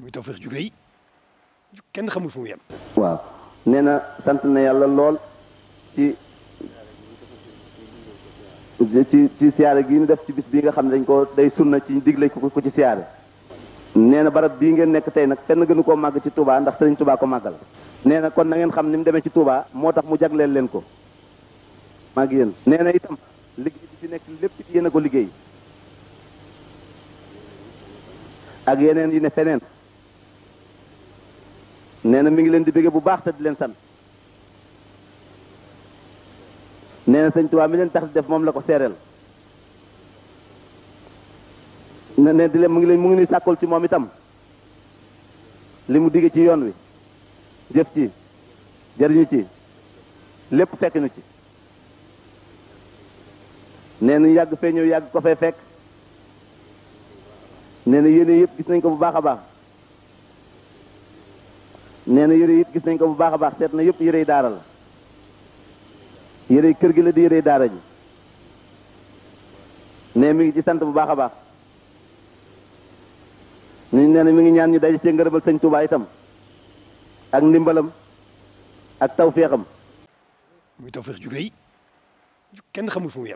muy Tawfekh ju rëy kenn xamul fu mu waaw nee na sant na yàlla lool ci ci ci siyaare gi ñu def ci bis bii nga xam ne dañ ko day sunna ci digle ko ko ci siyaare. nee na barab bii ngeen nekk tey nag fenn gënu koo màgg ci Touba ndax Sëriñ Touba ko màggal. nee na kon na ngeen xam ni mu demee ci Touba moo tax mu jagleel leen ko. maa ngi yéen nee na itam liggéey bi ci nekk lépp ci a ko liggéey. ak yeneen yi ne feneen. nee na mi ngi leen di bége bu baax te di leen san nee na sëñ Tuubaa mi leen tax di def moom la ko seereel ne ne di leen mu ngi leen mu ngi ni sàkkul ci moom itam li mu digge ci yoon wi jëf ci jariñu ci lépp fekk nu ci nee na yàgg fee ñëw yàgg ko fee fekk nee na yéene yëpp gis nañ ko bu baax a baax nee na yére it gis nañ ko bu baax a baax seet na yëpp yére daara la yére kër gi la di yére daara ji ne mi ngi ci sant bu baax a baax ñu nee na mi ngi ñaan ñu daje cee ngërëbal sëñ Tuubaa itam ak ndimbalam ak tawféexam muy tawféex ju kenn xamul fu